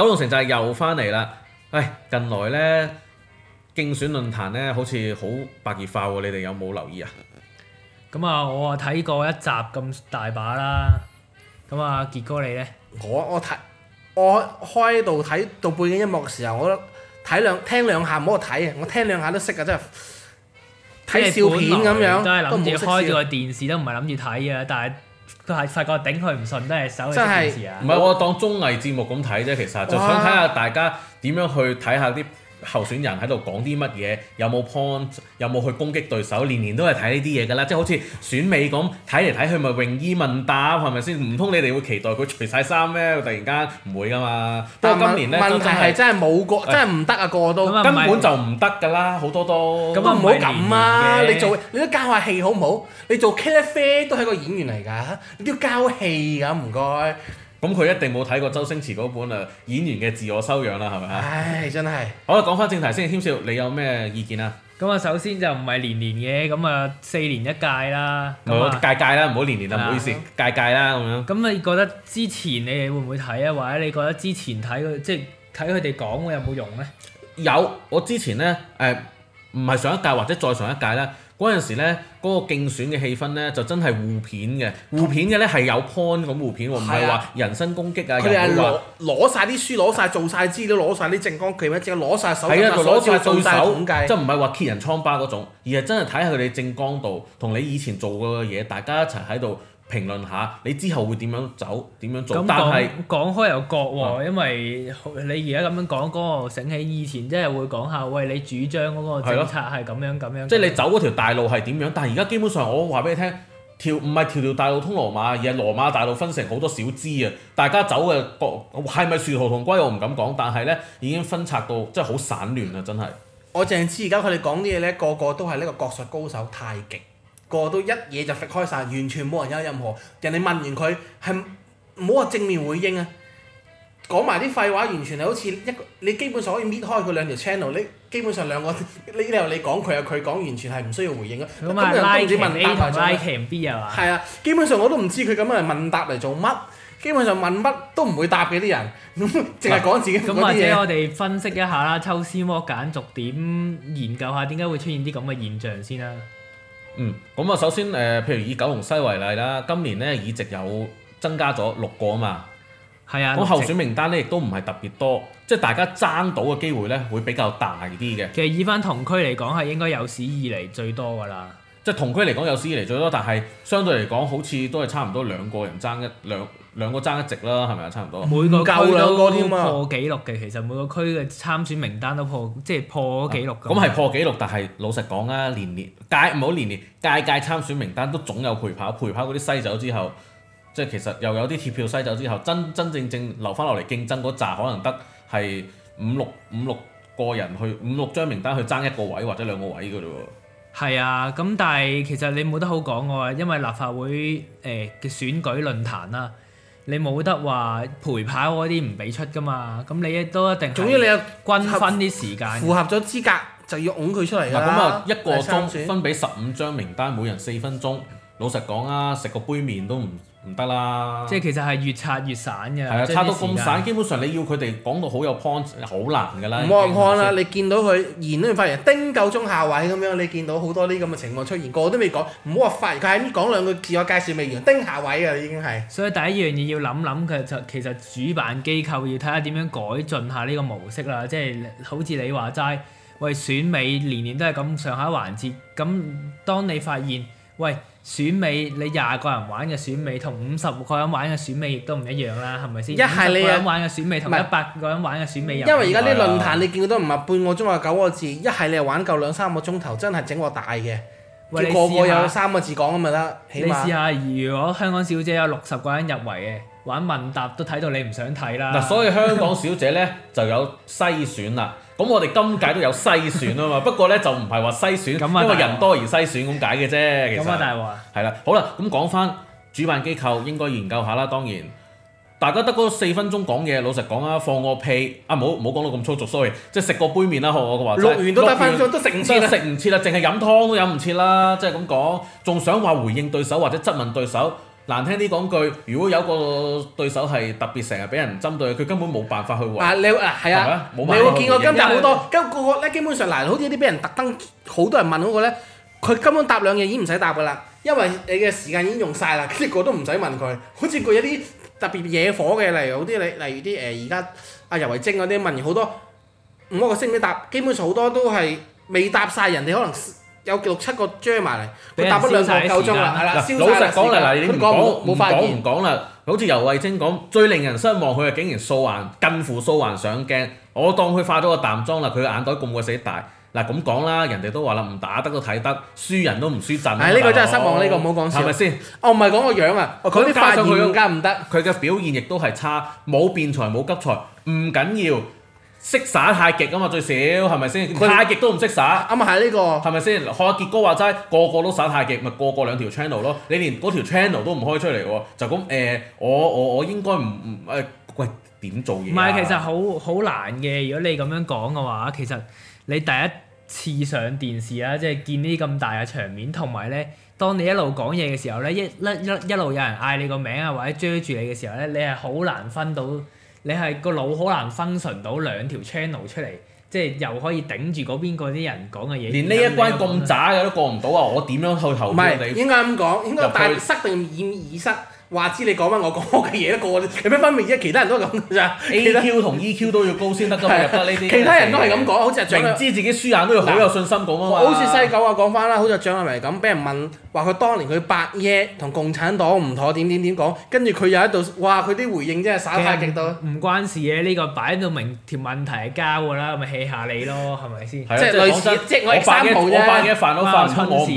九龍城就係又翻嚟啦！唉，近來咧競選論壇咧，好似好白熱化喎。你哋有冇留意啊？咁啊，我睇過一集咁大把啦。咁啊，傑哥你咧？我我睇我開到睇到背景音樂嘅時候，我睇兩聽兩下唔好睇啊！我聽兩下都識噶，真係。因為 睇笑片咁樣本來都係諗住開住個電視都唔係諗住睇啊，因為 但係。都係發覺頂佢唔順，都係手去支持啊！唔係，就係，我當綜藝節目咁睇啫，其實哇就想睇下大家點樣去睇下啲。候選人喺度講啲乜嘢，有冇 point，有冇去攻擊對手？年年都係睇呢啲嘢㗎啦，即係好似選美咁，睇嚟睇去咪泳衣問答係咪先？唔通你哋會期待佢除晒衫咩？突然間唔會㗎嘛。但不過今年咧，問題係真係冇個，真係唔得啊，個個都根本就唔得㗎啦，好多都。咁都唔好咁啊！的你做你都交下戲好唔好？你做 Carefree 都係個演員嚟㗎，你都要交戲㗎唔該。咁佢一定冇睇過周星馳嗰本啊演員嘅自我修養啦，係咪啊？唉，真係。好啦，講翻正題先，謙少，你有咩意見啊？咁啊，首先就唔係年年嘅，咁啊四年一屆啦。唔好屆屆啦，唔好年年啊，唔、嗯、好意思，屆屆啦咁樣。咁啊，你覺得之前你哋會唔會睇啊？或者你覺得之前睇佢，即係睇佢哋講會有冇用咧？有，我之前咧，誒、欸。唔係上一屆或者再上一屆啦。嗰陣時咧，嗰、嗰個競選嘅氣氛咧，就真係互片嘅，互片嘅咧係有 point 咁互片喎，唔係話人身攻擊啊，佢哋係攞攞曬啲書，攞晒做晒資料，攞晒啲政綱咩，即係攞晒手冊，攞住對手，就唔係話揭人瘡疤嗰種，嗯、而係真係睇下佢哋政綱度，同你以前做過嘅嘢，大家一齊喺度。評論下你之後會點樣走，點樣做？樣但係是講，講開又覺喎，嗯、因為你而家咁樣講，嗰、那、我、個、醒起以前真係會講下，喂，你主張嗰個政策係咁樣咁樣。即係的樣你走嗰條大路係點樣？但係而家基本上我話俾你聽，條唔係條條大路通羅馬，而係羅馬大路分成好多小支啊！大家走嘅國係咪殊途同歸？我唔敢講，但係咧已經分拆到真係好散亂啊！真係。我淨係知而家佢哋講啲嘢咧，個個，個都係呢個國術高手太極。個都一嘢就甩開曬，完全冇人有任何人哋問完佢係唔好話正面回應啊！講埋啲廢話，完全係好似一個你基本上可以搣開佢兩條 channel，你基本上兩個你又你講佢又佢講，完全係唔需要回應啊。咁啊，拉旗答拉旗 B 係嘛？係啊，基本上我都唔知佢咁樣問答嚟做乜。基本上問乜都唔會答嘅啲人，淨係講自己嗰啲嘢咁 或者我哋分析一下啦，抽絲剝繭逐點研究下點解會出現啲咁嘅現象先啦。嗯，咁啊，首先誒、呃，譬如以九龍西為例啦，今年咧議席有增加咗六個啊嘛，係啊的，咁候選名單咧亦都唔係特別多，即係大家爭到嘅機會咧會比較大啲嘅。其實以翻同區嚟講，係應該有史以嚟最多㗎啦。即係同區嚟講有史以嚟最多，但係相對嚟講好似都係差唔多兩個人爭一兩兩個爭一席啦，係咪啊？差唔多每個夠兩個添啊！破紀錄嘅其實每個區嘅參選名單都破，即係破咗紀錄。咁係、啊、破紀錄，但係老實講啊，年年屆唔好年年屆屆參選名單都總有陪跑，陪跑嗰啲篩走之後，即係其實又有啲鐵票篩走之後，真真正正留翻落嚟競爭嗰紮可能得係五六五六個人去五六張名單去爭一個位或者兩個位嘅啫喎。係啊，咁但係其實你冇得好講嘅、啊，因為立法會誒嘅、呃、選舉論壇啦，你冇得話陪跑嗰啲唔俾出噶嘛，咁你都一定，總之你有均分啲時間，符合咗資格就要擁佢出嚟㗎啦，咁啊，一個鐘分俾十五張名單，每人四分鐘。老實講啊，食個杯麵都唔～唔得啦！即係其實係越拆越散嘅，係啊的，拆到咁散，基本上你要佢哋講到好有 point，好難噶啦。唔好話 point 啦，你見到佢言都未發現，叮夠鐘下位咁樣，你見到好多呢咁嘅情況出現，個個都未講，唔好話發言佢喺講兩句自我介紹未完，叮下位啊已經係。所以第一樣嘢要諗諗嘅就其實主辦機構要睇下點樣改進下呢個模式啦，即係好似你話齋，喂選美年年都係咁上下環節，咁當你發現。喂，選美你廿個人玩嘅選美同五十個人玩嘅選美亦都唔一樣啦，係咪先？一係五十個人玩嘅選美同一百個人玩嘅選美，因為而家啲論壇你見到都唔係半個鐘啊九個字，一係你又玩夠兩三個鐘頭，真係整個大嘅，個喂個有三個字講咁咪得。你試下，碼你試下如果香港小姐有六十個人入圍嘅，玩問答都睇到你唔想睇啦。嗱，所以香港小姐咧 就有篩選啦。咁我哋今屆都有篩選啊嘛， 不過咧就唔係話篩選， 因為人多而篩選咁解嘅啫。其實，咁啊大話。係啦，好啦，咁講翻主辦機構應該研究下啦。當然，大家得嗰四分鐘講嘢，老實講啊，放個屁啊，唔好唔好講到咁粗俗，sorry，即係食個杯麪啦。學我嘅話錄完都得分鐘，完都食唔切啦，食唔切啦，淨係飲湯都飲唔切啦，即係咁講，仲想話回應對手或者質問對手？難聽啲講句，如果有一個對手係特別成日俾人針對，佢根本冇辦法去維。啊，你啊，係啊，冇辦法。你會見過今日好多，今個個咧基本上嗱，好似啲俾人特登好多人問嗰個咧，佢根本答兩嘢已經唔使答噶啦，因為你嘅時間已經用晒啦，結果都唔使問佢。好似佢有啲特別惹火嘅，例如好啲你例如啲誒而家阿尤維晶嗰啲問完好多，唔開個聲唔知會唔會答，基本上好多都係未答晒人哋可能。有六七個遮埋嚟，佢打咗兩個夠鐘啦，燒曬啲時間。嗱，老實講啦，嗱，你唔講，唔講唔講啦。好似尤慧晶講，最令人失望，佢係竟然素顏近乎素顏上鏡。我當佢化咗個淡妝啦，佢個眼袋咁鬼死大。嗱，咁講啦，人哋都話啦，唔打得都睇得，輸人都唔輸陣。係呢個真係失望，呢個唔好講笑，係咪先？哦，唔係講個樣啊，佢啲化妝佢更加唔得，佢嘅表現亦都係差，冇辯才冇急才，唔緊要。識耍太極啊嘛，最少係咪先？太極都唔識耍。啱啊、嗯，係呢這個。係咪先？學阿傑哥話齋，個個都耍太極，咪個個兩條 channel 咯。你連嗰條 channel 都唔開出嚟喎，就咁誒、呃，我我我應該唔唔誒？喂，點做嘢、啊？唔係，其實好好難嘅。如果你咁樣講嘅話，其實你第一次上電視啦，即係見呢啲咁大嘅場面，同埋咧，當你一路講嘢嘅時候咧，一一一路有人嗌你個名啊，或者追住你嘅時候咧，你係好難分到。你係、那個腦好難 function 到兩條 channel 出嚟，即係又可以頂住嗰邊嗰啲人講嘅嘢。連呢一關咁渣嘅都過唔到啊！我點樣去投是？唔係們應該咁講，應該大失定掩耳失。話去知你講翻我講嘅嘢都過，有咩分別啫、啊？其他人都係咁㗎咋。EQ 同 EQ 都要高先得㗎嘛。其他人都係咁講， 好似阿明知自己輸硬都要好有信心講啊嘛。好似西九啊，講翻啦，好似阿張阿梅咁，俾人問。話佢當年佢伯爺同共產黨唔妥點點點講，跟住佢又喺度哇佢啲回應真係耍太極都，唔關事嘅呢、這個擺到明條問題係交㗎啦，咪氣下你咯，係咪先？啊、即係類似，即係似我三無啫。我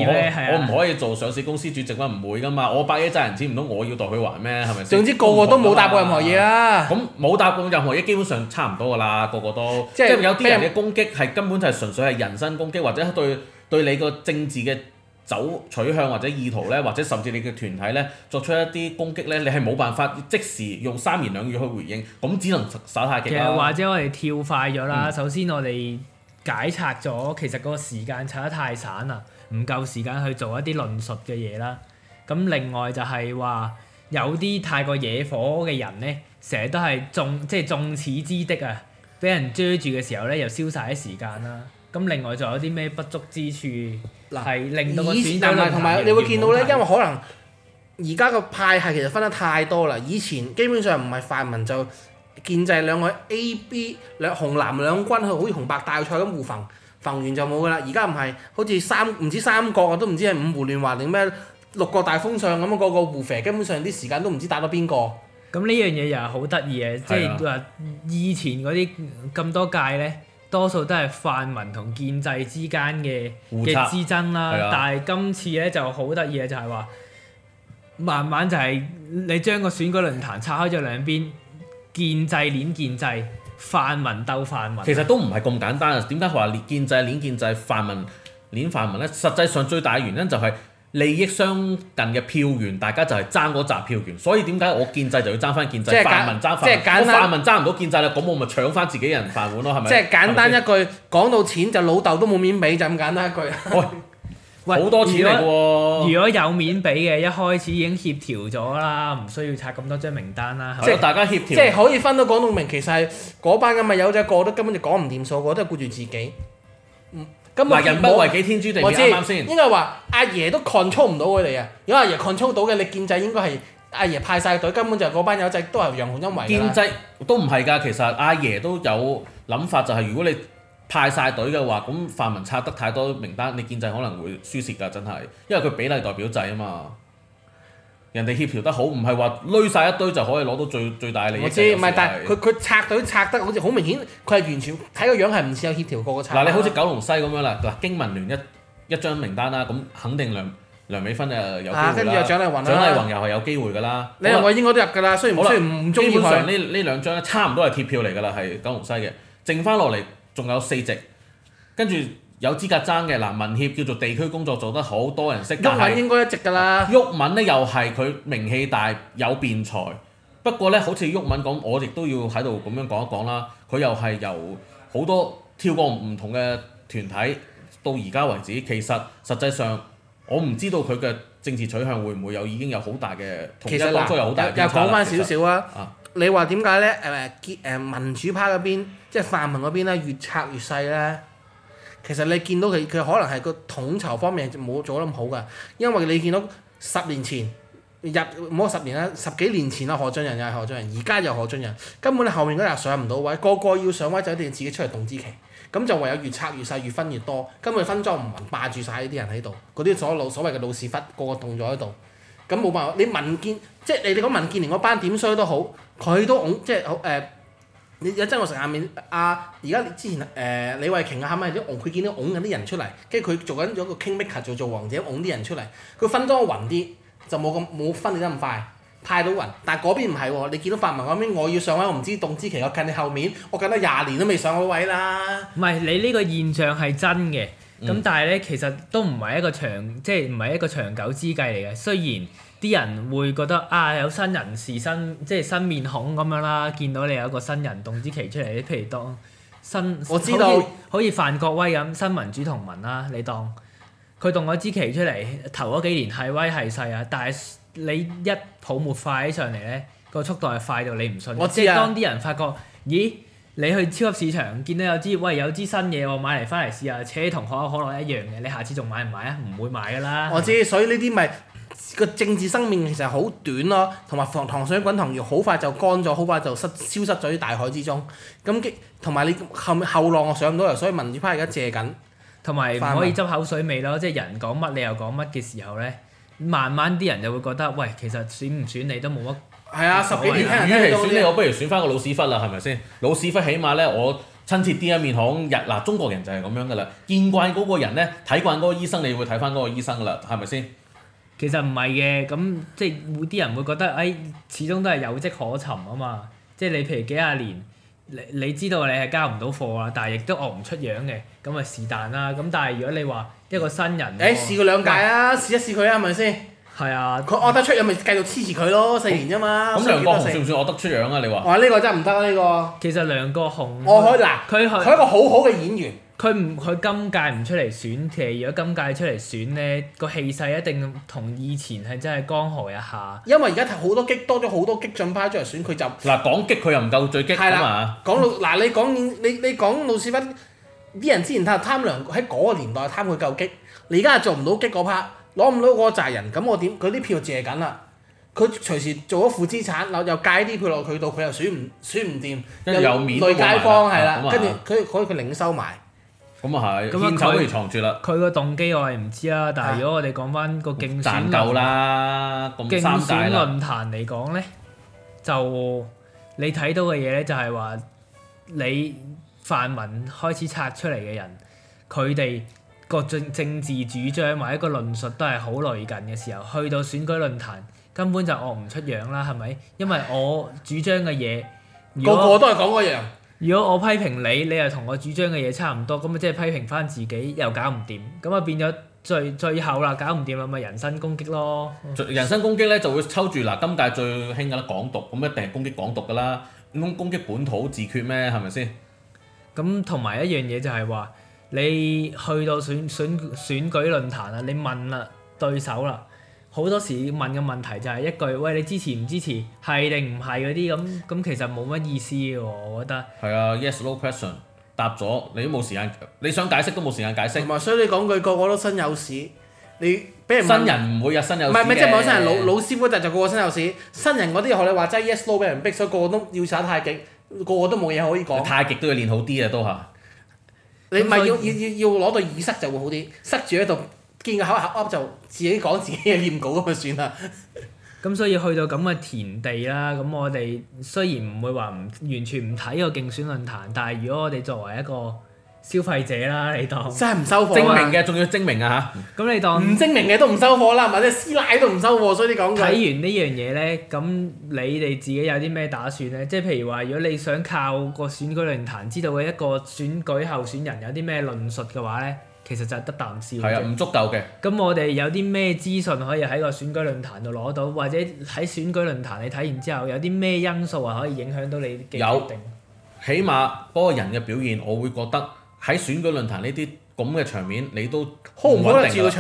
唔可，可以做上市公司主席，我唔會㗎嘛。我伯爺責任接唔到，我要代佢還咩？係咪？總之個個都冇答過任何嘢啦。咁冇答過任何嘢，基本上差唔多㗎啦。個個都即係是有啲人嘅攻擊係根本就係純粹係人身攻擊，或者對對你個政治嘅。走取向或者意圖咧，或者甚至你嘅團體咧，作出一啲攻擊咧，你係冇辦法即時用三言兩語去回應，咁只能耍下太極。其實或者我哋跳快咗啦，嗯、首先我哋解拆咗，其實嗰個時間拆得太散啦，唔夠時間去做一啲論述嘅嘢啦。咁另外就係話有啲太過惹火嘅人咧，成日都係眾即係眾矢之的啊！俾人遮住嘅時候咧，又消晒啲時間啦。咁另外仲有啲咩不足之處？嗱，係令到個錢前但係同埋你會見到咧，因為可能而家個派系其實分得太多啦。以前基本上唔係泛民就建制兩個 A、B 兩紅藍兩軍，好似紅白大賽咁互焚，焚完就冇噶啦。而家唔係，好似三唔知三國啊，都唔知係五胡亂華定咩六國大封相咁啊，個個互肥，基本上啲時間都唔知打到邊個。咁呢樣嘢又係好得意嘅，即係話以前嗰啲咁多屆咧。多數都係泛民同建制之間嘅嘅互測之爭啦，但係今次咧就好得意嘅就係、係、話慢慢就係你將個選舉論壇拆開咗兩邊，建制碾建制，泛民鬥泛民。其實都唔係咁簡單啊！點解話建制碾建制，泛民碾泛民咧？實際上最大嘅原因就係、係。利益相近嘅票源，大家就係爭嗰集票源，所以點解我建制就要爭翻建制？泛民爭泛民，即簡單我泛民爭唔到建制啦，咁我咪搶翻自己人飯碗咯，係咪？即係簡單一句，講到錢就老豆都冇面俾，就咁簡單一句。哎、 喂，好多錢嚟㗎喎！如果有面俾嘅，一開始已經協調咗啦，唔需要拆咁多張名單啦。係咪？即係是大家協調。即係可以分到講到明。其實係嗰班咁咪有隻個都根本就講唔掂數，個都係顧住自己。人不為己天誅地滅呀，啱唔啱先？應該話阿爺都 control 唔到佢哋啊！如果阿爺 control 到嘅，你建制應該係阿爺派晒隊，根本就係嗰班友仔都係陽奉陰違啦。建制都唔係㗎，其實阿爺都有諗法，就係如果你派晒隊嘅話，咁泛民拆得太多名單，你建制可能會輸蝕㗎，真係，因為佢比例代表制啊嘛。人哋協調得好，唔係話攞晒一堆就可以攞到最最大嘅利益。唔係，但係佢佢拆隊拆得好似好明顯，佢係完全睇個樣係唔似有協調過嘅拆。嗱，你好似九龍西咁樣啦，嗱，經民聯一一張名單啦，咁肯定梁梁美芬誒有機會啦。啊，跟住又蔣麗雲、啊，蔣麗雲又係有機會㗎啦。你同、啊、吧我應該都入㗎啦，雖然雖然唔中意佢。基本上呢呢兩張差唔多係鐵票嚟㗎啦，係九龍西嘅，剩翻落嚟仲有四席，跟住。有資格爭嘅嗱，民協叫做地區工作做得好多人識，郁敏應該一直㗎啦。郁敏咧又係佢名氣大，有辯才。不過咧，好似郁敏講，我亦都要喺度咁樣講一講啦。佢又係由好多跳過唔同嘅團體到而家為止，其實實際上我唔知道佢嘅政治取向會唔會有已經有好大嘅同一黨派有好大嘅差異。又講翻少少啊！你話點解咧？誒結誒民主派嗰邊，即係泛民嗰邊咧，越拆越細咧？其實你見到佢佢可能係個統籌方面冇做得咁好㗎，因為你見到十年前入唔好十年啦，十幾年前啦何俊仁又係何俊仁，而家又何俊仁，根本你後面嗰啲人上唔到位，位，個個要上位就一定要自己出嚟動資期，咁就唯有越拆越細，越分越多，根本分贓唔勻，霸住晒呢啲人喺度，嗰啲左老所謂嘅老屎忽個個棟咗喺度，咁冇辦法，你民建即係你哋講民建聯嗰班點衰都好，佢都㧬即係誒。呃呃你有曾鈺成下面啊？而家之前誒、呃，李慧瓊啊，係咪啲拱？佢見到拱緊啲人出嚟，跟住佢做緊咗個 kingmaker，做做王者拱啲人出嚟。佢分多匀啲，就冇咁冇分裂得咁快，派到匀，但係嗰邊唔係喎，你見到發文嗰邊我要上位，我唔知董之奇，我近你後面，我近得廿年都未上到位啦。唔係，你呢個現象係真嘅，咁、嗯、但係咧，其實都唔係一個長，即係唔係一個長久之計嚟嘅。雖然。啲人會覺得啊有新人士、新即係新面孔咁樣啦，見到你有一個新人動支旗出嚟，譬如當新我知道好似范國威咁新民主同盟啦，你當佢動咗支旗出嚟，頭嗰幾年係威係勢啊，但係你一泡沫化起上嚟咧，個速度係快到你唔信。我知，即係當啲人發覺，咦？你去超級市場見到有支喂有支新嘢喎，買嚟翻嚟試下，車同可口可樂一樣嘅，你下次仲買唔買啊？唔會買㗎啦。我知，嗎所以呢啲咪。個政治生命其實好短咯，同埋塘水滾塘魚好快就乾咗，好快就失消失咗於大海之中。咁同埋你後後浪我上唔到，所以民主派而家借緊，同埋唔可以執口水尾咯。即係人講乜你又講乜嘅時候咧，慢慢啲人就會覺得，喂，其實選唔選你都冇乜。係啊，十幾年算聽人講呢啲，與其選你，我不如選翻個老屎忽啦，係咪先？老屎忽起碼咧，我親切啲一面孔。日嗱，中國人就係咁樣噶啦，見慣嗰個人咧，睇慣嗰個醫生，你會睇翻嗰個醫生啦，係咪先？其實唔係嘅，咁即係會啲人會覺得，誒始終都係有跡可尋啊嘛。即係你譬如幾廿年，你你知道你係交唔到貨啦，但係亦都惡唔出樣嘅，咁啊是但啦。咁但係如果你話一個新人，誒、欸、試過兩屆啦、啊，哇試一試佢啊，係咪先？係啊，惡得出樣咪繼續黐住佢咯，四年啫嘛。咁、嗯嗯、梁國雄算唔算惡得出樣啊？你話？我呢、呢個真係唔得啊！呢、呢個其實梁國雄，哦，好喇，佢係佢係一個好好嘅演員。佢唔佢今屆唔出嚟選嘅，如果今屆出嚟選咧，個氣勢一定同以前係真係江河日下。因為而家好多激多咗好多激進派出嚟選，佢就嗱，講激佢又唔夠最激啊嘛。講老嗱你講你你講老屎忽啲人之前睇下貪涼喺嗰個年代貪佢夠激，你而家又做唔到激嗰 part，攞唔到嗰個責任。咁我點？佢啲票借緊啦，佢隨時做咗負資產，又又借啲票落佢度，佢又選唔選唔掂，對街坊係啦，跟住佢可佢領收埋。咁啊係，咁可以藏住，佢佢個動機我係唔知啦。但係如果我哋講返個競選鬥啦，競選論壇嚟講咧，就你睇到嘅嘢咧，就係話你泛民開始拆出嚟嘅人，佢哋個政政治主張或者個論述都係好雷近嘅時候，去到選舉論壇根本就惡唔出樣啦，係咪？因為我主張嘅嘢個個都係講嗰樣。如果我批評你，你又同我主張嘅嘢差唔多，咁咪即係批評翻自己，又搞唔掂，咁咪變咗最最後啦，搞唔掂啦，咪、就是、人身攻擊咯。人身攻擊咧就會抽住嗱，今屆最興嘅啦港獨，咁一定係攻擊港獨噶啦，咁攻，攻擊本土自決咩？係咪先？咁同埋一樣嘢就係話，你去到選選選舉論壇啦，你問啦對手啦。好多時問嘅問題就係一句，喂，你支持唔支持，係定唔係嗰啲咁咁，其實冇乜意思嘅喎，我覺得、啊。係啊，yes/no question，答咗你都冇時間，你想解釋都冇時間解釋。唔係，所以你講句個個都有有身有屎，你俾、就是、人。新人唔會啊，身有屎。唔係唔係，即係本身係老老師嗰陣就個個身有屎，嗯、新人嗰啲學你話齋 yes/no 俾人逼，所以個個都要耍太極，個個都冇嘢可以講。太極都要練好啲啊，都嚇。你唔係他要要要攞對耳塞就會好啲，塞住喺度。見個口口噏就自己講自己嘅念稿咁就算啦。咁所以去到咁嘅田地啦，咁我哋雖然唔會話唔完全唔睇個競選論壇，但係如果我哋作為一個消費者啦，你當真係唔收貨啊？精明嘅仲要精明啊嚇！咁、嗯、你當唔、嗯、精明嘅都唔收貨啦，或者師奶都唔收貨，所以你講。睇完呢樣嘢咧，咁你哋自己有啲咩打算咧？即係譬如話，如果你想靠個選舉論壇知道嘅一個選舉候選人有啲咩論述嘅話咧？其實就係得啖笑，係啊，唔足夠嘅。咁我哋有啲咩資訊可以喺個選舉論壇度攞到，或者喺選舉論壇你睇完之後，有啲咩因素啊可以影響到你嘅決定？有起碼嗰個人嘅表現，我會覺得喺選舉論壇呢啲咁嘅場面，你都好唔穩定啊！即係你做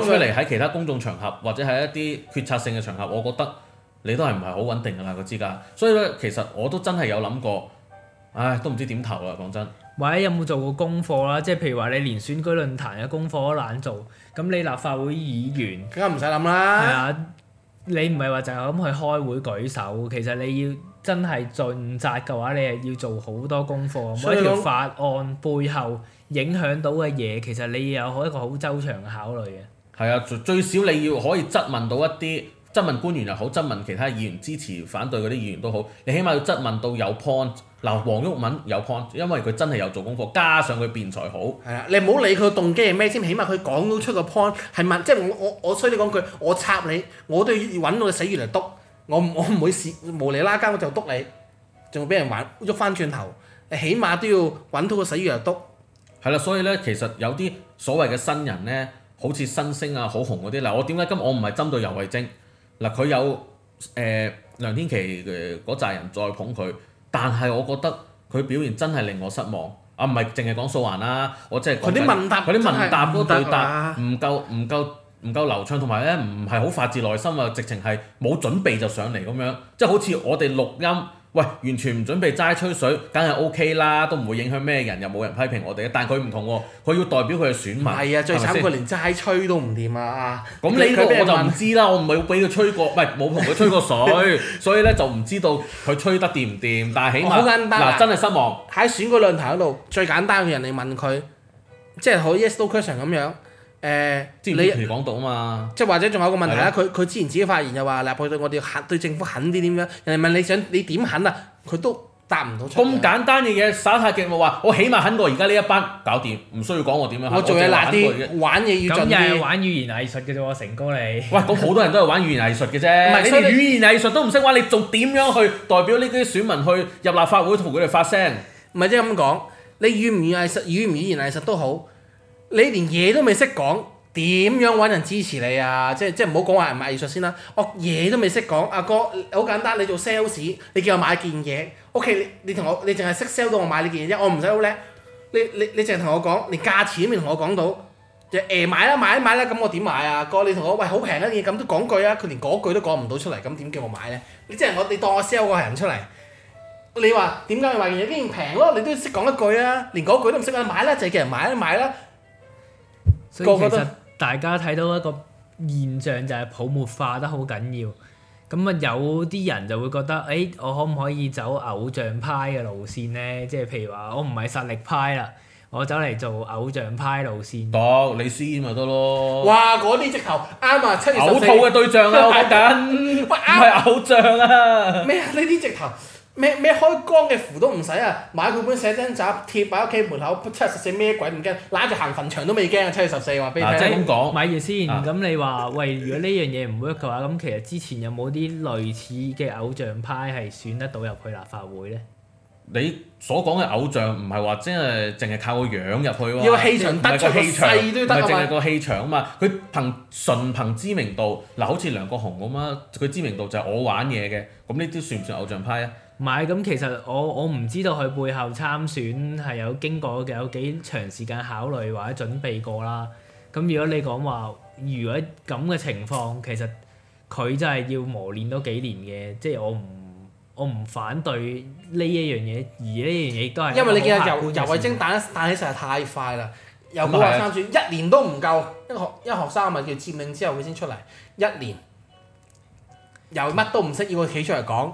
出嚟喺其他公眾場合，或者係一啲決策性嘅場合，我覺得你都係唔係好穩定噶啦，個資格。所以咧，其實我都真係有諗過，唉，都唔知點投啦，講真。或者有冇做過功課啦？即係譬如話你連選舉論壇嘅功課都懶做，咁你立法會議員梗係唔使諗啦。係啊，你唔係話就係咁去開會舉手，其實你要真係盡責嘅話，你係要做好多功課。每一條法案背後影響到嘅嘢，其實你有好一個好周詳嘅考慮嘅。係啊，最少你要可以質問到一啲質問官員又好，質問其他議員支持、反對嗰啲議員都好，你起碼要質問到有 point。嗱，黃毓民有 point，因為佢真係有做功課，加上佢辯才好。係啊，你唔好理佢動機係咩先，起碼佢講到出個 point 係咪？即、就、係、是、我我我衰啲你講句，我插你，我都要揾到，到個死穴嚟督。」我我唔會無理啦交，我就督你，仲俾人玩喐翻轉頭，誒起碼都要揾到個死穴嚟督。係啦，所以咧其實有啲所謂嘅新人咧，好似新星啊、好紅嗰啲嗱，我點解今日我唔係針對游蕙禎嗱？佢有誒、呃、梁天琦嘅嗰扎人再捧佢。但係我覺得佢表現真係令我失望啊！唔係淨係講素顏啦，我真係講佢啲問答，佢啲問答都對答唔夠，唔夠唔夠流暢，同埋咧唔係好發自內心啊！直情係冇準備就上嚟咁樣，即係好似我哋錄音。喂，完全唔準備齋吹水，梗係 O K 啦，都唔會影響咩人，又冇人批評我哋。但佢唔同喎，啊，佢要代表佢嘅選民。係啊，吧最慘佢連齋吹都唔掂啊！咁呢個我就唔知啦，我唔係俾佢吹過，唔係冇同佢吹過水， 所以咧就唔知道佢吹得掂唔掂。但係起碼好簡單真係失望喺選舉論壇嗰度，最簡單嘅人嚟問佢，即係好 Yes or no question 咁樣。誒，之前講到嘛，即係或者仲有個問題啦。佢佢之前自己發言又話，立法會對我哋狠，對政府狠啲點樣？人哋問你想你點狠啊？佢都答唔到出嚟。咁簡單嘅嘢，耍太極冇話，我起碼狠過而家呢一班搞掂，唔需要講我點樣。我做嘢辣啲，玩嘢要盡力。咁又係玩語言藝術嘅啫喎，成哥你。喂， 咁好多人都係玩語言藝術嘅啫。唔係， 你語言藝術都唔識玩，你仲點樣去代表呢啲選民去入立法會同佢哋發聲？唔係即係咁講，你語唔語言藝術，語唔語言藝術都好。你連嘢都未識講，點樣揾人支持你啊？即係即係唔好講話唔係藝術先啦。我嘢都未識講，阿哥好簡單，你做 sales，你叫我買件嘢，OK，你你同我，你淨係識 sell 到我買呢件嘢啫，我唔使好叻。你你你淨係同我講，連價錢都未同我講到，誒買啦買啦買啦，咁我點買啊？哥，你同我喂好平一件嘢，咁都講句啊？佢連嗰句都講唔到出嚟，咁點叫我買呢？你即係我，你當我 sell 個人出嚟。你話點解要買件嘢都咁平咯？你都識講一句啊，連嗰句都唔識啊！買啦就係叫人買啦買啦。不過其實大家睇到一個現象就係泡沫化得好緊要，咁啊有啲人就會覺得，誒、欸、我可唔可以走偶像派嘅路線咧？即係譬如話，我唔係實力派啦，我走嚟做偶像派路線。讀你詩咪得咯。哇！嗰啲直頭啱啊，七月十四。嘔吐嘅對象啊， 我頂。唔係偶像啊。咩啊？呢啲直頭。咩咩開光嘅符都唔使啊！買佢本寫真集貼喺屋企門口，七月十四咩鬼唔驚？拉住行墳場都未驚啊！七月十四話俾你聽。唔係嘅先，咁你話喂， 如果呢樣嘢唔 work 嘅話，咁其實之前有冇啲類似嘅偶像派係選得到入去立法會咧？你所講嘅偶像唔係話真係淨係靠樣個樣入去喎，要氣場得個氣場都要得。唔係淨係個氣場啊氣場嘛！佢憑純憑知名度，嗱好似梁國雄咁啊，佢知名度就係我玩嘢嘅，咁呢啲算唔算偶像派啊？唔係，咁其實我我唔知道佢背後參選係有經過有幾長時間考慮或者準備過啦。咁如果你講話，如果咁嘅情況，其實佢真係要磨練多幾年嘅。即係我唔我唔反對呢一樣嘢，而呢樣嘢亦都係因為你見游游蕙禎彈彈起實在太快啦，由冇話參選一年都唔夠，一學一學生咪叫佔領之後佢先出嚟一年，由乜都唔識要佢企出嚟講。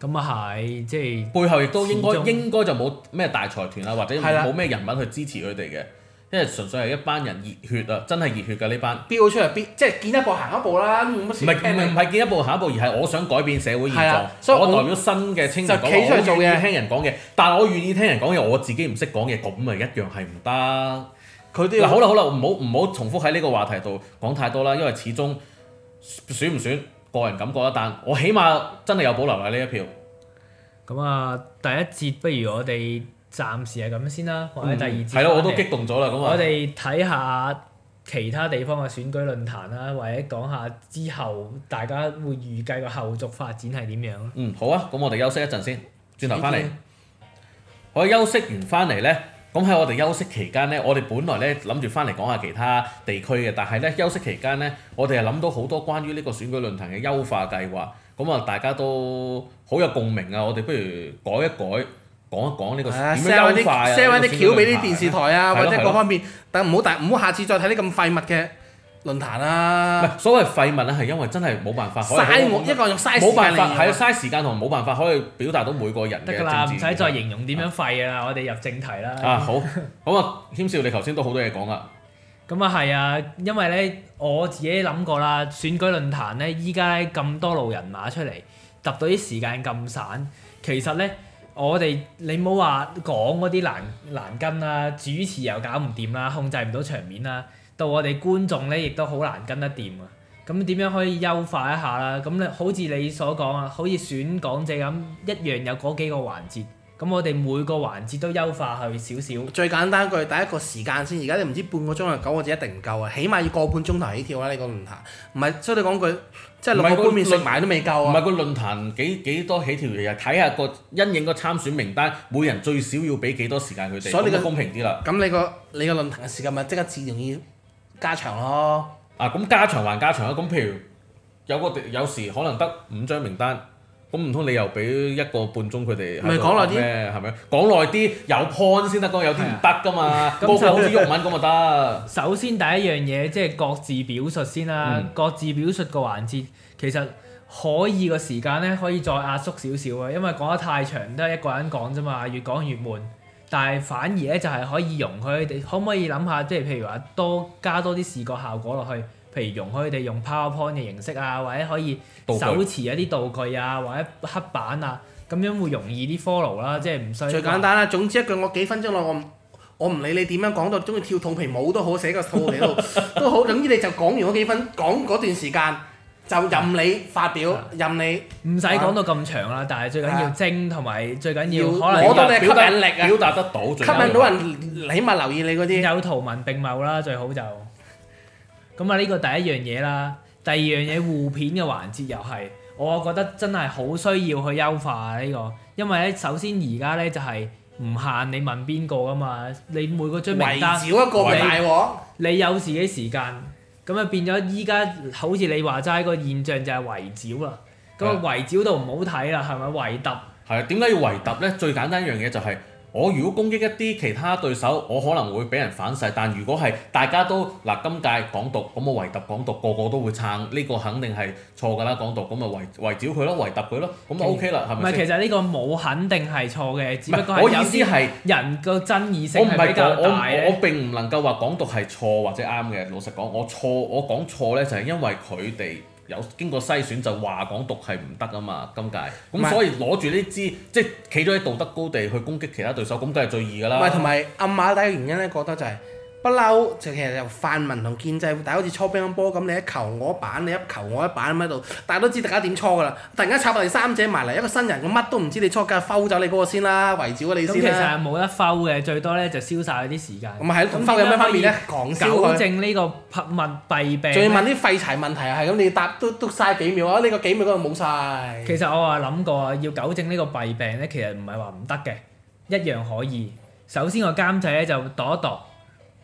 咁啊係，即係背後亦都應該應該就冇咩大財團啊，或者冇咩人物去支持佢哋嘅，因為純粹係一班人熱血啊，真係熱血㗎呢班，標出嚟即係見一步行一步啦，唔係唔係見一步行一步，而係我想改變社會現狀。我代表新嘅青年講，就企出嚟做嘅，聽人講嘅，但我願意聽人講嘢，我自己唔識講嘢，咁咪一樣係唔得。佢哋嗱好啦好啦，唔好唔好重複喺呢個話題度講太多啦，因為始終選唔選？個人感覺一單，但我起碼真係有保留喺呢一票。咁啊，第一節不如我哋暫時係咁先啦，嗯、或者第二節。係咯，我都激動咗啦。咁啊，我哋睇下其他地方嘅選舉論壇啦，或者講下之後大家會預計嘅後續發展係點樣。嗯，好啊，咁我哋休息一陣先，轉頭翻嚟。我點、啊、休息完翻嚟咧。咁喺我哋休息期間咧，我哋本來咧諗住翻嚟講下其他地區嘅，但係咧休息期間咧，我哋係諗到好多關於呢個選舉論壇嘅優化計劃。咁啊，大家都好有共鳴啊！我哋不如改一改，講一講呢、呢個點樣優化啊！set 翻啲橋俾啲電視台啊，或者各方面，等唔好第唔好下次再睇啲咁廢物嘅論壇啦、啊，所謂廢物咧，係因為真係冇辦法，嘥我一個人嘥時間，冇辦法係嘥時間同冇辦法可以表達到每個人嘅政治。得㗎啦，唔使再形容點樣廢㗎、啊、我哋入正題啦。啊好， 好啊，謙少你頭先都好多嘢講啦。咁啊係啊，因為咧我自己諗過啦，選舉論壇咧依家咁多路人馬出嚟，揼到啲時間咁散，其實咧我哋你唔好話講嗰啲難難跟啦，主持又搞唔掂啦，控制唔到場面啦。到我哋觀眾咧，亦都好難跟得掂啊！咁點樣可以優化一下啦？咁你好似你所講啊，好似選港姐咁，一樣有嗰幾個環節。咁我哋每個環節都優化去少少。最簡單句，第一個時間先。而家你唔知半個鐘定九個字一定唔夠啊！起碼要個半鐘頭起跳啦、啊！你個論壇唔係所以你講句，即係六個杯麵食埋都未夠啊！唔係個論壇幾幾多起跳，條嘢？睇下個因應個參選名單，每人最少要俾幾多時間佢哋？所以你就公平啲啦。咁你個你個論壇嘅時間咪即刻自然要。加長咯！啊，咁加長還加長啊！咁譬如有個有時可能得五張名單，咁唔通你又俾一個半鐘佢哋？咪講耐啲，係咪？講耐啲有 point 先得，講有啲唔得噶嘛。咁是、啊、 就好似用文咁咪得。首先第一樣嘢即係各自表述先啦，嗯、各自表述個環節其實可以個時間咧可以再壓縮少少啊，因為講得太長都係一個人講啫嘛，越講越悶。但係反而咧，就係可以容許佢哋，可唔可以諗下，即係譬如話多加多啲視覺效果落去，譬如容許佢哋用 PowerPoint 嘅形式啊，或者可以手持一啲道具啊，或者黑板啊，咁樣會容易啲 follow 啦，即係唔需要。最簡單啦，總之一句我幾分鐘內我我唔理你點樣講到，中意跳肚皮舞都好，寫個套嚟 都好，總之你就講完我幾分鐘講嗰段時間。就任你發表，的任你唔使講到咁長啦，的但係最緊要精同埋的最緊要可能要表達你吸引力、啊、表達得到，吸引到人起碼留意你嗰啲有圖文並茂啦，最好就咁啊！呢 個第一樣嘢啦，第二樣嘢互片嘅環節又係我覺得真係好需要去優化呢、啊呢個，因為咧首先而家咧就係、是、唔限你問邊個噶嘛，你每個張名單圍繞一個偉大你，你有自己時間。咁就變咗依家好似你話齋個現象就係圍剿啊。咁啊圍剿到唔好睇啦，係咪圍揼？係啊，點解要圍揼咧？ 最簡單一樣嘢就係。我如果攻擊一啲其他對手，我可能會俾人反噬。但如果係大家都嗱今屆港獨，咁我唯獨港獨，個個都會撐，呢、這個肯定係錯㗎啦。港獨咁咪圍圍繞佢咯，圍獨佢咯，咁咪 OK 啦，係咪先？其實呢個冇肯定係錯嘅，只不過係有啲人個爭議性係比較大咧。我並唔能夠話港獨係錯或者啱嘅。老實講，我錯，我講錯咧就係因為佢哋。有經過篩選就話港獨係唔得啊嘛，今屆咁是所以攞住呢支即係企咗喺道德高地去攻擊其他對手，咁梗係最易㗎啦。唔係同埋暗啞底嘅原因咧，覺得就係、是。不嬲，就其實由泛民同建制會打，但係好似搓乒乓波咁，你一球我一板，你一球我一板咁喺度。大家都知大家點搓㗎啦，突然間插埋第三者埋嚟，一個新人，我乜都唔知你，你搓嘅，摟走你嗰個先啦，圍剿你先。咁其實冇得摟嘅，最多咧就消曬啲時間。咁咪係咯，摟有咩分別咧？講糾正個呢正個匹物弊病。仲要問啲廢柴問題啊？係咁，你答都都嘥幾秒啊？呢個幾秒嗰度冇晒。其實我話諗過啊，要糾正個呢個弊病咧，其實唔係話唔得嘅，一樣可以。首先個監製咧就度一度。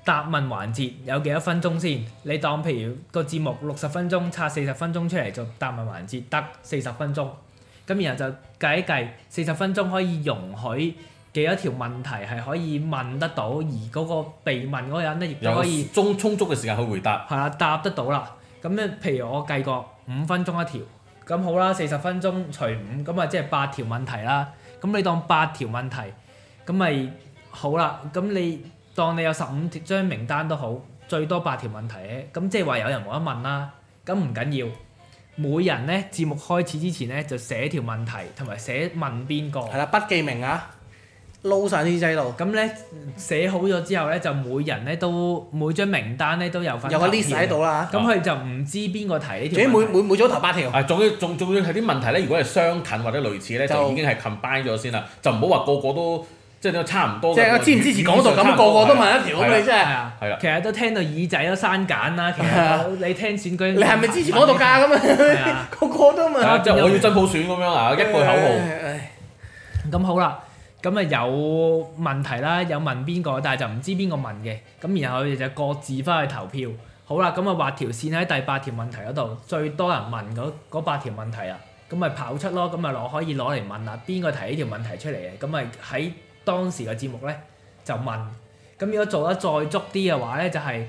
答問環節有幾多分鐘先？你當譬如個節目六十分鐘，拆四十分鐘出嚟做答問環節，得四十分鐘。咁然後就計一計，四十分鐘可以容許幾多條問題係可以問得到，而嗰個被問嗰個人咧亦都可以充充足嘅時間去回答。係啦，答得到啦。咁咧，譬如我計過五分鐘一條，咁好啦，四十分鐘除五，咁咪即係八條問題啦。咁你當八條問題，咁咪好啦。咁你。當你有十五條張名單都好，最多八條問題嘅，咁即係話有人冇得問啦。咁唔緊要，每人咧節目開始之前咧就寫條問題同埋寫問邊個。係啦，筆記名啊，撈晒啲制度。咁咧寫好咗之後咧，就每人咧都每張名單咧都有份。有個 list 喺度啦，咁佢、嗯、就唔知邊個提呢條。而每每每組頭八條。係，仲要仲仲要係啲問題咧，如果係相近或者類似咧，就，就已經係 combine 咗先啦，就唔好話個個都。即係都差唔多即係支唔支持港獨咁，個個都問一條咁，你真係。啊。其實都聽到耳仔都生繭啦。其實你聽選舉。你係咪支持港獨㗎？咁啊，個個都問。即係我要真普選咁樣啊！一句口號。咁好啦，咁啊有問題啦，有問邊個，但係就唔知邊個問嘅。咁然後佢哋就各自翻去投票。好啦，咁啊劃條線喺第八條問題嗰度，最多人問嗰嗰八條問題啊，咁咪跑出咯，咁咪攞可以攞嚟問啦。邊個提呢條問題出嚟嘅？咁咪喺。當時嘅節目咧就問，咁如果做得再足啲嘅話咧，就係、係、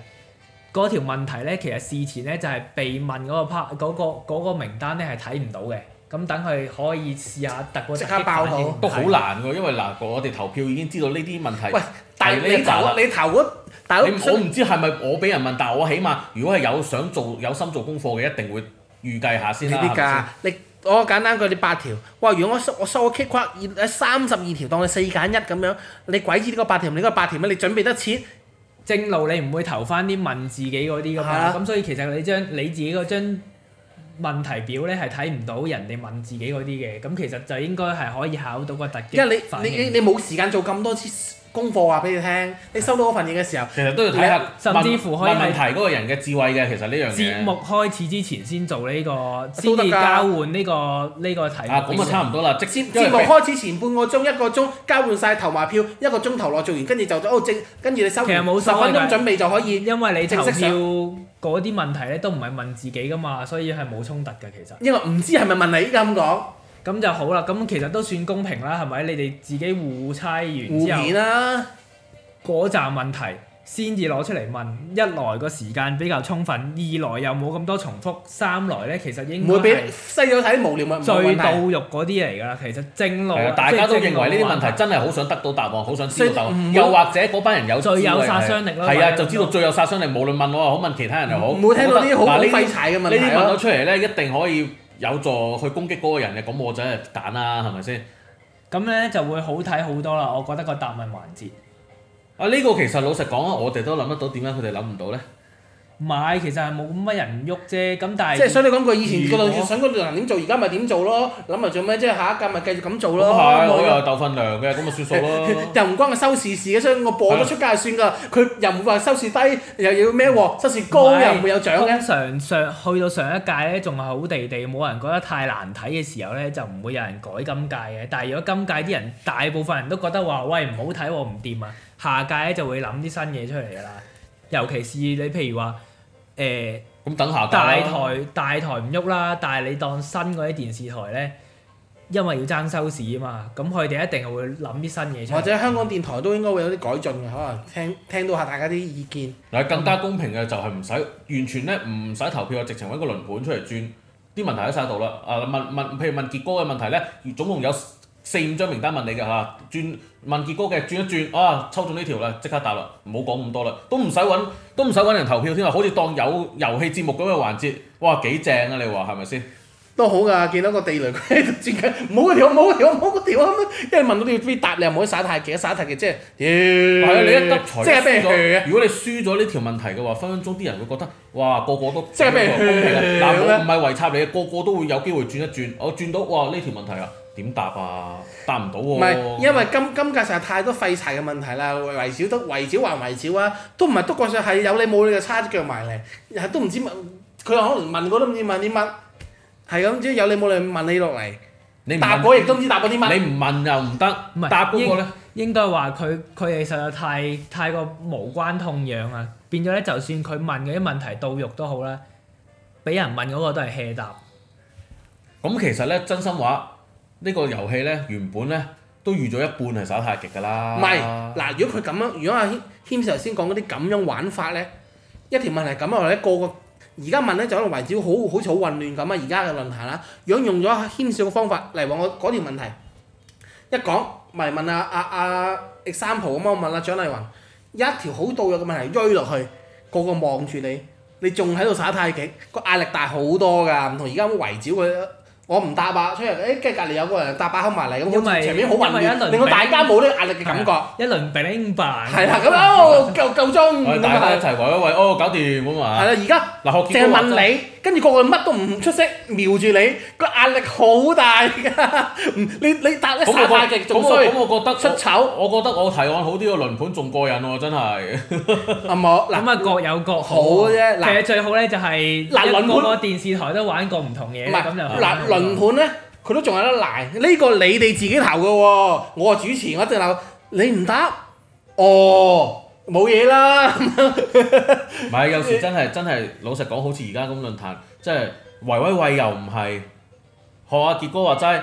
嗰條問題咧，其實事前咧就係、係、被問嗰、嗰個 part 嗰、嗰個嗰、嗰個名單咧係睇唔到嘅，咁等佢可以試下突嗰即刻爆到，都好難喎，因為嗱我哋投票已經知道呢啲問題。喂，大佬，你投你投大佬，以我唔知係咪我俾人問，但我起碼如果係有想做有心做功課嘅，一定會預計下先啦、啊，係咪？我簡單句你八條，哇！如果我縮我縮我 kick c 三十二條當你四揀一咁樣，你鬼知呢個八條你呢個八條咩？你準備得錢，正路你唔會投翻啲問自己嗰啲噶嘛。咁、啊、所以其實你將你自己嗰張問題表咧係睇唔到人哋問自己嗰啲嘅。咁其實就應該係可以考到個突擊。因為你你你冇時間做咁多次。功課話俾你聽，你收到嗰份嘢嘅時候，其實都要睇下你甚至乎可以提嗰個人嘅智慧嘅，其實呢樣嘢。節目開始之前先做呢、這個，先至交換呢、這個呢、這個題目。啊，咁啊差唔多啦，直接即節目開始前半個鐘一個鐘交換晒投話票，一個鐘頭內做完，跟住就哦即，跟住你收。其實冇十分鐘準備就可以，因為你正式上嗰啲問題咧都唔係問自己㗎嘛，所以係冇衝突嘅其實。因為唔知係咪問你嘅咁講。咁就好啦，咁其實都算公平啦，係咪？你哋自己互猜完之後，嗰陣問題先至攞出嚟問。一來個時間比較充分，二來又冇咁多重複，三來咧其實應該細個睇無聊物，最到肉嗰啲嚟噶啦。其實正路大家都認為呢啲問題真係好想得到答案，好想知道答案。又或者嗰班人有最有殺傷力咯。係啊，就知道最有殺傷力。無論問我又好，問其他人又好，冇聽到呢啲好鬼廢柴嘅問題咯。問到出嚟咧，一定可以。有助去攻擊嗰個人嘅，咁我就係揀啦，係咪先？咁咧就會好睇好多啦，我覺得個答問環節。啊，呢個其實老實講啊，我哋都諗得到點解佢哋諗唔到咧？唔係，其實係冇乜人喐啫。咁但係即係所以你講句，以前個導演想嗰度能點做，而家咪點做咯？諗埋做咩啫？即下一屆咪繼續咁做咯。又係鬥分量嘅，咁咪、啊、算數咯。又唔關我收視事嘅，所以我播咗出街算噶。佢嗎又唔會話收視低，又要咩喎？收視高又唔會有獎。上上去到上一屆咧，仲係好地地，冇人覺得太難睇嘅時候咧，就唔會有人改今屆嘅。但係如果今屆啲人大部分人都覺得話喂唔好睇喎，唔掂啊，下屆咧就會諗啲新嘢出嚟噶啦。尤其是你譬如話。誒，咁等下大台大台唔喐啦，但係你當新嗰啲電視台咧，因為要爭收視啊嘛，咁佢哋一定係會諗啲新嘢出嚟。或者香港電台都應該會有啲改進嘅，可能聽聽到下大家啲意見。嗱，更加公平嘅就係唔使完全咧，唔使投票啊，直情揾個輪盤出嚟轉，啲問題喺晒度啦。啊，問問譬如問傑哥嘅問題咧，總共有，四五張名單問你㗎吓，轉、啊、問傑哥嘅轉一轉，啊抽中呢條啦，即刻答啦，唔好講咁多啦，都唔使揾，都唔使揾人投票先啊，好似當有遊戲節目咁嘅環節，哇幾正啊！你話係咪先？都好噶，見到個地雷喺度轉緊，唔好 嗰條，唔好嗰條，唔好嗰條啊！因為問到你要邊答，你又唔可以耍太極，其實耍太極即係，係、就是、你一得財即係咩？如果你輸咗呢條問題嘅話，分分鐘啲人會覺得，哇個個都，都即係咩氣？唔係圍插你啊，個個都會有機會轉一轉，我轉到哇呢條問題啊！點答啊？答唔到喎！唔係，因為今今屆實在太多廢柴嘅問題啦，圍剿都圍剿還圍剿啊，都唔係督過上係有你冇你嘅叉隻腳埋嚟，係都唔知問佢可能問我都唔知問啲乜，係咁即係有你冇你問你落嚟。你答我亦都唔知答過啲乜。你唔問又唔得，唔係答嗰個咧。應該話佢佢哋實在太太過無關痛癢啊！變咗咧，就算佢問嗰啲問題到肉都好啦，俾人問嗰個都係 hea 答。咁其實咧，真心話。個遊戲呢個遊戲咧，原本咧都預咗一半係耍太極噶啦。唔係，嗱，如果佢咁樣，如果阿軒軒先頭先講嗰啲咁樣玩法咧，一條問題咁啊，或者個個而家問咧就喺度圍剿好好似好混亂咁啊！而家嘅論壇啦，如果用咗軒少嘅方法嚟話，我嗰條問題一講，咪問阿阿阿 example 咁啊，啊啊 example，我問阿、啊、張麗雲一條好道嘅問題追落去，個個望住你，你仲喺度耍太極，個壓力大好多噶，唔同而家咁圍剿佢。我唔打靶，出嚟跟住隔離有個人打靶收埋嚟，咁好似場面好混亂，令到大家冇啲壓力嘅感覺。一輪乒乓。係啦，咁樣啊夠夠鐘，大家一齊圍一圍，哦搞掂咁嘛。係啦，而家。嗱，學正問你。跟住個個乜都唔出息，瞄住你，個壓力好大噶。你你答得太極仲衰。我覺得出醜，我覺得我提案好啲個輪盤仲過癮喎，真係。阿莫，咁啊各有各好嘅啫。其實最好咧就係，嗱，兩個電視台都玩過唔同嘢。唔係，嗱，輪盤咧，佢都仲有得賴。呢個你哋自己投嘅喎，我係主持，我一定鬧你唔答。哦。冇嘢沒啦 ，唔係有時真係真係老實講，好似而家咁論壇，真係維維維又唔係，何阿傑哥話齋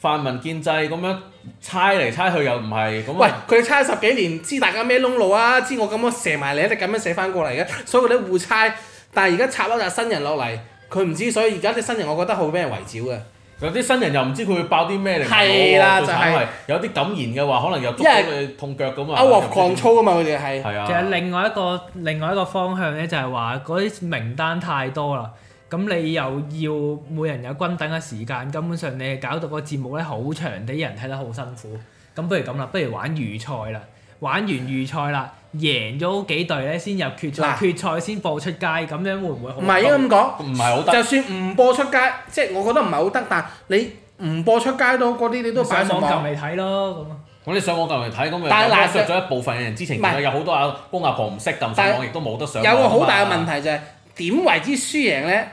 泛民建制咁樣猜嚟猜去又唔係，咁喂佢猜十幾年知大家咩窿路啊，知我咁樣我射埋嚟，一直咁樣射翻過嚟嘅，所以佢哋互猜，但係而家插一紮新人落嚟，佢唔知，所以而家啲新人我覺得好俾人圍剿嘅。有啲新人又唔知佢會爆啲咩嚟，係啦的，就係、是、有啲敢言嘅話，可能又捉到你痛腳咁啊，一鑊狂粗啊嘛，佢哋係，其實另外一個另外一個方向咧，就係話嗰啲名單太多啦，咁你又要每人有均等嘅時間，根本上你搞到個節目咧好長，畀人睇得好辛苦。咁不如咁啦，不如玩預賽啦。玩完預賽啦，贏咗幾隊咧，先入決賽，決賽先播出街，咁樣會唔會好？唔係應該咁講，唔係好得就算唔播出街，即係我覺得唔係好得，但你唔播出街都嗰啲，你都上網撳嚟睇咯。咁啊，我哋上網撳嚟睇，咁咪但係納縮咗一部分嘅人之前，有好多阿公阿婆唔識撳上網，亦都冇得上網。有個好大嘅問題就係點為之輸贏咧？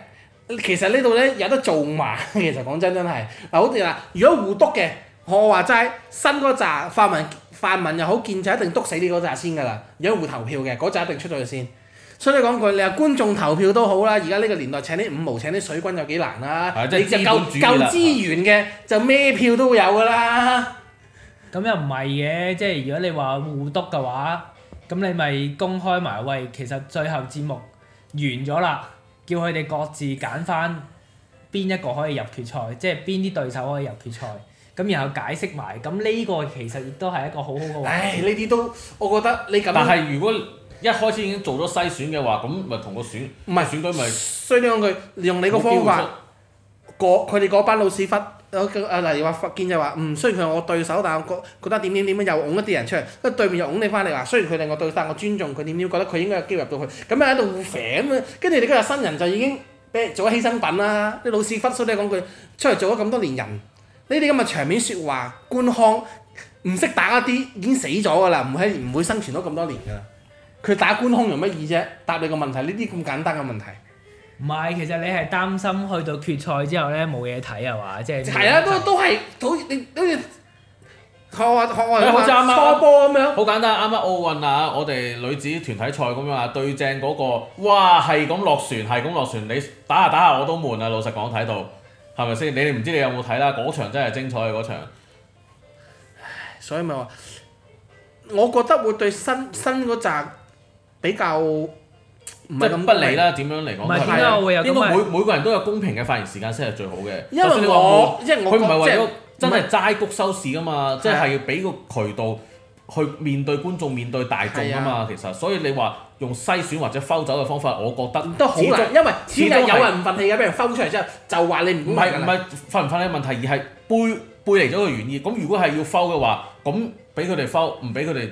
其實呢度咧有得做玩，其實講真真係嗱，好似話如果互督嘅，我話齋新嗰扎發文。泛民又好，建制一定篤死你嗰紮先㗎啦！互投票嘅嗰紮一定出咗去先。所以講句，你話觀眾投票都好啦。而家呢個年代請啲五毛請、請啲水軍有幾難啦、啊？啊就是、資你就夠夠資源嘅、啊、就咩票都有㗎啦。咁又唔係嘅，即係如果你話互篤嘅話，咁你咪公開埋喂，其實最後節目完咗啦，叫佢哋各自揀翻邊一個可以入決賽，即係邊啲對手可以入決賽。咁然後解釋埋，咁呢個其實亦都係一個好好嘅話題。唉，呢啲都我覺得你咁。但係如果一開始已經做咗篩選嘅話，咁咪同個選唔係選舉咪？衰啲講句，用你個方法，嗰佢哋嗰班老屎忽，嗰例如話福建就話唔需要佢係我對手，但係我覺覺得點點點又拱一啲人出嚟，跟住對面又拱你翻嚟話，雖然佢哋我對手，但我尊重佢點點覺得佢應該有機會入到去。咁又喺度互吠咁啊，跟住你今日新人就已經俾做咗犧牲品啦，啲老屎忽衰啲講句出嚟做咗咁多年人。呢啲咁嘅場面説話官腔，唔識打一啲已經死咗噶啦，唔係唔會生存到咁多年噶啦。佢的打官腔容乜易啫？答你個問題，呢啲咁簡單嘅問題。唔係，其實你係擔心去到決賽之後咧冇嘢睇啊？話即係。係啊，都都係好你好似學下學下。好似啱啱波咁樣。好簡單，啱啱奧運啊！我哋女子團體賽咁樣啊，對正嗰、嗰個，哇！係咁落船，係咁落船，你打下打下我都悶啊！老實講，睇到。係咪先？你哋唔知你有冇睇啦？嗰場真係精彩啊！嗰場，所以咪話，我覺得會對新新嗰集比較唔係咁不利啦。點樣嚟講？唔係點解會有？應該每每個人都有公平嘅發言時間先係最好嘅。因為我，因為我佢唔係為咗真係齋谷收視㗎嘛，即係要俾個渠道。去面對觀眾、面對大眾啊嘛，啊其實，所以你話用篩選或者抽走嘅方法，我覺得都好難，因為始終有人唔忿氣嘅，俾是人抽出嚟之後，就話你唔係唔係忿唔忿氣嘅問題，而係背背離咗個原因。咁、嗯嗯、如果係要抽嘅話，咁俾佢哋抽，唔俾佢哋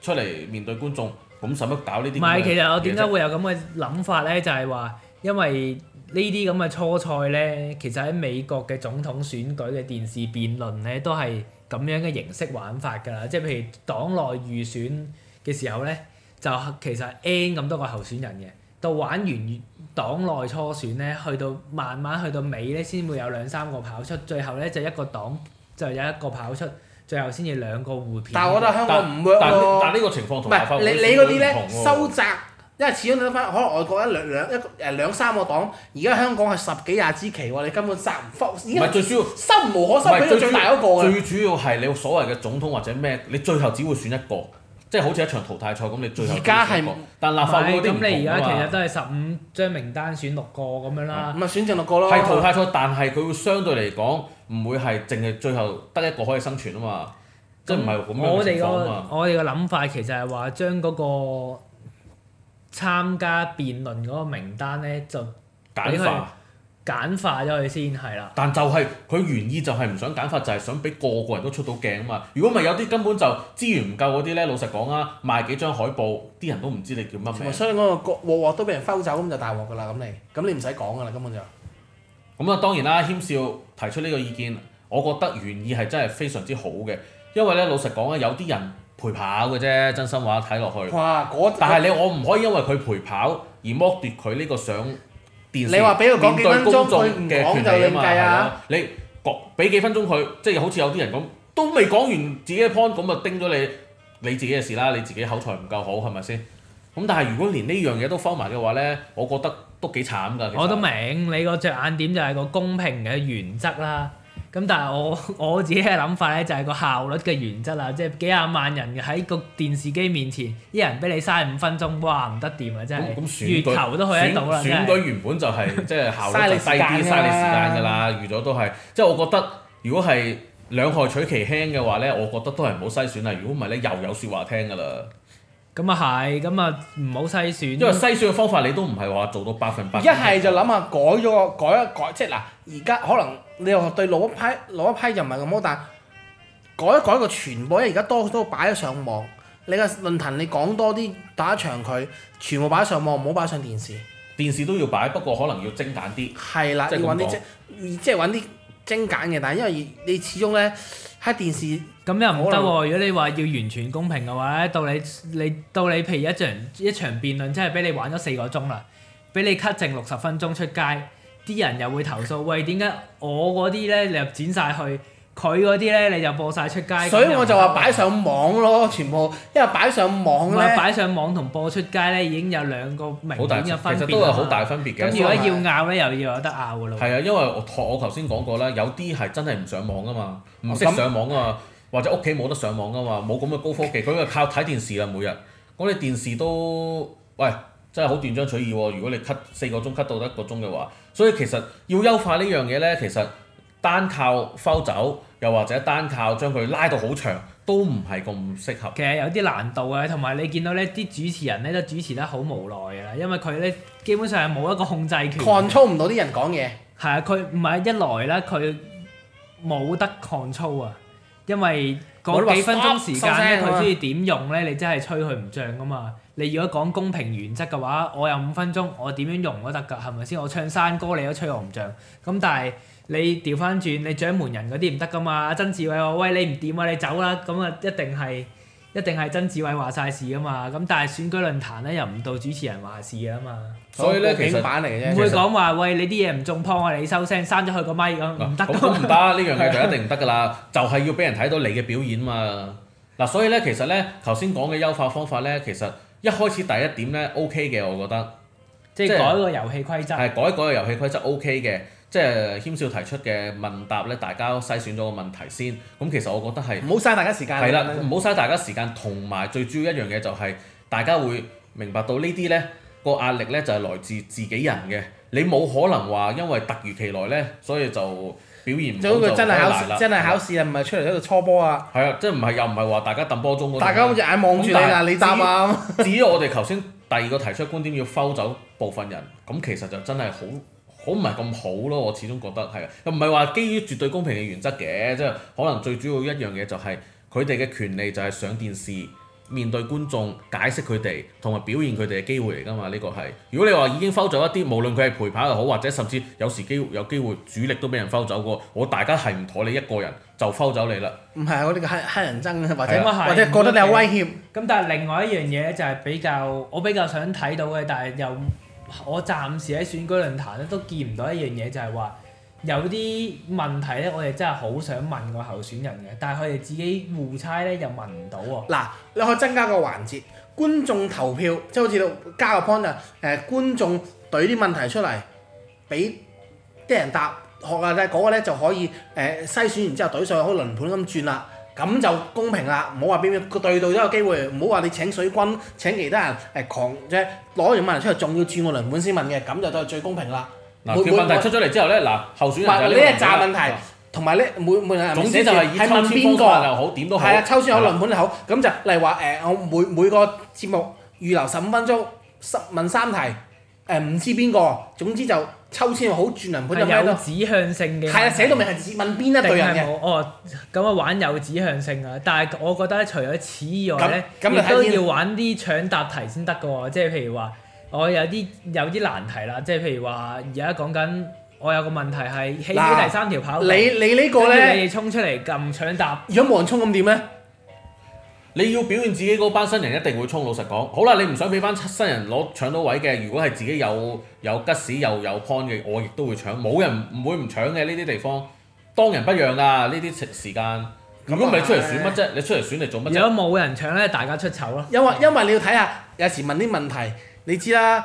出嚟面對觀眾，咁使乜搞是樣呢啲？唔、就、係、是，其實我點解會有咁嘅諗法咧？就係話，因為呢啲咁嘅初賽咧，其實喺美國嘅總統選舉嘅電視辯論咧，都係。咁樣嘅形式玩法㗎啦，即係譬如黨內預選嘅時候咧，就其實 N 咁多個候選人嘅，到玩完黨內初選咧，去到慢慢去到尾咧，先會有兩三個跑出，最後咧就一個黨就有一個跑出，最後先至兩個互片。但係我覺得香港唔會有。但係呢個情況同埋，你嗰啲咧，收窄。因為始終你諗返，可能外國一兩一兩一誒兩三個黨，而家香港係十幾廿支旗喎，你根本殺唔覆，心無可心，俾最，最大一個嘅。最主要係你所謂嘅總統或者咩，你最後只會選一個，即係好似一場淘汰賽咁。你最後而家係，但立法會有啲唔同啊嘛。咁你而家其實都係十五張名單選六個咁樣個啦。唔係選剩六個咯。係淘汰賽，但係佢會相對嚟講唔會係淨係最後得一個可以生存啊嘛。即係唔係咁嘅情況啊嘛。我哋個我哋個諗法其實係話將嗰、嗰個。參加辯論嗰個名單咧，就簡化，簡化咗佢先係啦。但就係、是、佢原意就係唔想簡化，就係、是、想俾個個人都出到鏡啊嘛。如果唔係有啲根本就資源唔夠嗰啲咧，老實講啊，賣幾張海報，啲人都唔知你叫乜名。所以嗰個鑊我我都俾人摟走，咁就大鑊噶啦。咁你，咁你唔使講噶啦，根本就。咁啊，當然啦，謙少提出呢個意見，我覺得原意係真係非常之好嘅，因為咧，老實講啊，有啲人。陪跑嘅啫，真心話睇落去。哇嗰個、但係你我唔可以因為佢陪跑而剝奪佢呢個上電視面對公眾嘅權利啊！你話俾佢講幾分鐘，佢唔講就係咁計呀？你講俾幾分鐘佢、啊，即係、就是、好似有啲人咁，都未講完自己嘅 point，咁啊叮咗你，你自己嘅事啦，你自己口才唔夠好係咪先？咁但係如果連呢樣嘢都封埋嘅話咧，我覺得都幾慘㗎。我都明你個着眼點就係個公平嘅原則啦。咁但係我我自己嘅諗法咧，就係個效率嘅原則啦，即係幾廿萬人喺個電視機面前，一人俾你嘥五分鐘，哇唔得掂啊！真係，月球都去得到啦。選選舉原本就係即係效率就低啲，嘥你 時間㗎啦， 預咗都係。即係我覺得，如果係兩害取其輕嘅話咧，我覺得都係唔好篩選啦。如果唔係咧，又有説話聽㗎啦。咁啊係，咁啊唔好篩選。因為篩選嘅方法你都唔係話做到百分，百分，百分。百。一係就諗下改咗個改一改，即係嗱，而家可能。你又對老一批老一批就唔係咁好，但改，改一改個傳播，因為而家多都擺咗上網。你個論壇你講多啲打一場佢，全部擺上網，唔好擺上電視。電視都要擺，不過可能要精簡啲。係啦的，即係揾啲精，即係揾啲精簡嘅。但係因為你始終咧喺電視咁又唔得喎。能如果你話要完全公平嘅話，到你你到你譬如一場一場辯論，即係俾你玩咗四個鐘啦，俾你 cut 剩六十分鐘出街。啲人又會投訴，喂點解我嗰啲咧，你又剪晒去，佢嗰啲咧，你又播晒出街。所以我就話擺上網咯，全部因為擺上網咧，擺上網同播出街咧已經有兩個明顯嘅分別。其實都係好大分別嘅。咁要要拗咧，又要有得拗噶咯。係啊，因為我我頭先講過啦，有啲係真係唔上網噶嘛，唔識上網啊嘛，哦、或者屋企冇得上網啊嘛，冇咁嘅高科技，佢、嗯、就靠睇電視啦。每日，我哋電視都喂真係好斷章取義喎。如果你 cut 四個鐘 cut 到一個鐘嘅話，所以其實要優化樣呢樣嘢咧，其實單靠拋走，又或者單靠將佢拉到好長，都唔係咁適合。其實有啲難度啊，同埋你見到咧，啲主持人咧都主持得好無奈嘅、啊、啦，因為佢咧基本上係冇一個控制權，控操唔到啲人講嘢。係啊，佢唔係一來咧，佢冇得控操啊，因為嗰幾分鐘時間咧，佢中意點用咧，嗯、你真係吹佢唔脹噶嘛。你如果講公平原則嘅話，我有五分鐘，我點樣用都得㗎，係咪先？我唱山歌，你都吹我唔脹。咁但係你調翻轉，你掌門人嗰啲唔得㗎嘛？曾志偉話：喂，你唔掂啊，你走啦、啊！咁啊，一定係一定係曾志偉話晒事㗎嘛？咁但係選舉論壇咧，又唔到主持人話事㗎嘛？所以咧，到底 其實唔會講話，實喂，你啲嘢唔中樸、啊，你收聲，刪咗佢個咪。啊」咁，唔得㗎。咁唔得，呢 樣嘢就一定唔得㗎啦。 就係要俾人睇到你嘅表演嘛。嗱、啊，所以咧，其實咧，頭先講嘅優化方法咧，其實。一開始第一點咧，OK 嘅，我覺得。即係是改一個遊戲規則。係改，改一改個遊戲規則 OK 嘅，即係謙少提出嘅問答咧，大家篩選咗個問題先。咁其實我覺得係。唔好嘥大家時間。係啦的，唔好嘥大家時間，同埋最主要一樣嘢就係、是、大家會明白到呢啲咧個壓力咧就係來自自己人嘅。你冇可能話因為突如其來咧，所以就。表現咁就太真係考試，真係考試啊，唔係吧出嚟喺度搓波啊！係啊，即係唔係又唔係話大家抌波鐘嗰啲？大家好似眼望住你啦，是你答啊！至於， 至於我哋頭先第二個提出觀點，要摟走部分人，咁其實就真係好，好唔係咁好咯。我始終覺得係啊，又唔係話基於絕對公平嘅原則嘅，即係可能最主要一樣嘢就係佢哋嘅權利就係上電視。面對觀眾解釋佢哋同埋表現佢哋嘅機會嚟㗎嘛，呢、這個係如果你話已經拋走一啲，無論佢係陪跑又好，或者甚至有時機有機會主力都俾人拋走過，我大家係唔妥你一個人就拋走你啦。唔係啊，我哋嘅乞乞人憎或者、啊、或者覺得你有威脅。咁、okay. 但係另外一樣嘢就係比較我比較想睇到嘅，但係又我暫時喺選舉論壇都見唔到一樣嘢，就係話。有啲問題咧，我哋真係好想問個候選人嘅，但係佢哋自己互猜咧又問唔到喎。嗱，你可以增加個環節，觀眾投票，即係好似加個 point 啊、呃，誒觀眾對啲問題出嚟，俾啲人答，學下咧嗰個咧、那個、就可以誒篩、呃、選完之後對上好似輪盤咁轉啦，咁就公平啦，唔好話邊邊個對到都有機會，唔好話你請水軍請其他人誒、呃、狂即係攞完問題出嚟仲要轉個輪盤先問嘅，咁就都係最公平啦。嗱，佢、啊、問題出咗嚟之後咧，嗱候選人就呢一扎問題，同埋咧每每人總之就係以抽簽方式又好，啊，抽簽好輪盤好，咁就例如話誒，我每每個節目預留十五分鐘，三問三題，誒、呃、唔知邊個，總之就抽簽好轉輪盤就有指向性嘅。係啊，寫到明係指問邊一對人嘅。哦，咁啊玩有指向性啊，但係我覺得除咗此以外咧，亦都要玩啲搶答題先得㗎喎，即係譬如話。我有啲有啲難題啦，即係譬如話而家講緊，我有個問題係汽車第三條跑道，你呢你呢個咧，你哋衝出嚟撳搶答。如果冇人衝，咁點咧？你要表現自己嗰班新人一定會衝，老實講。好啦，你唔想俾班新人攞搶到位嘅，如果係自己有有吉士又有 con 嘅，on, 我亦都會搶。冇人唔會唔搶嘅呢啲地方，當仁不讓啊！間這樣 呢啲時間，的你如果唔係出嚟選乜啫？你出嚟選嚟做乜啫？如果冇人搶咧，大家出醜咯。因為的因為你要睇下，有時問啲問題。你知啦，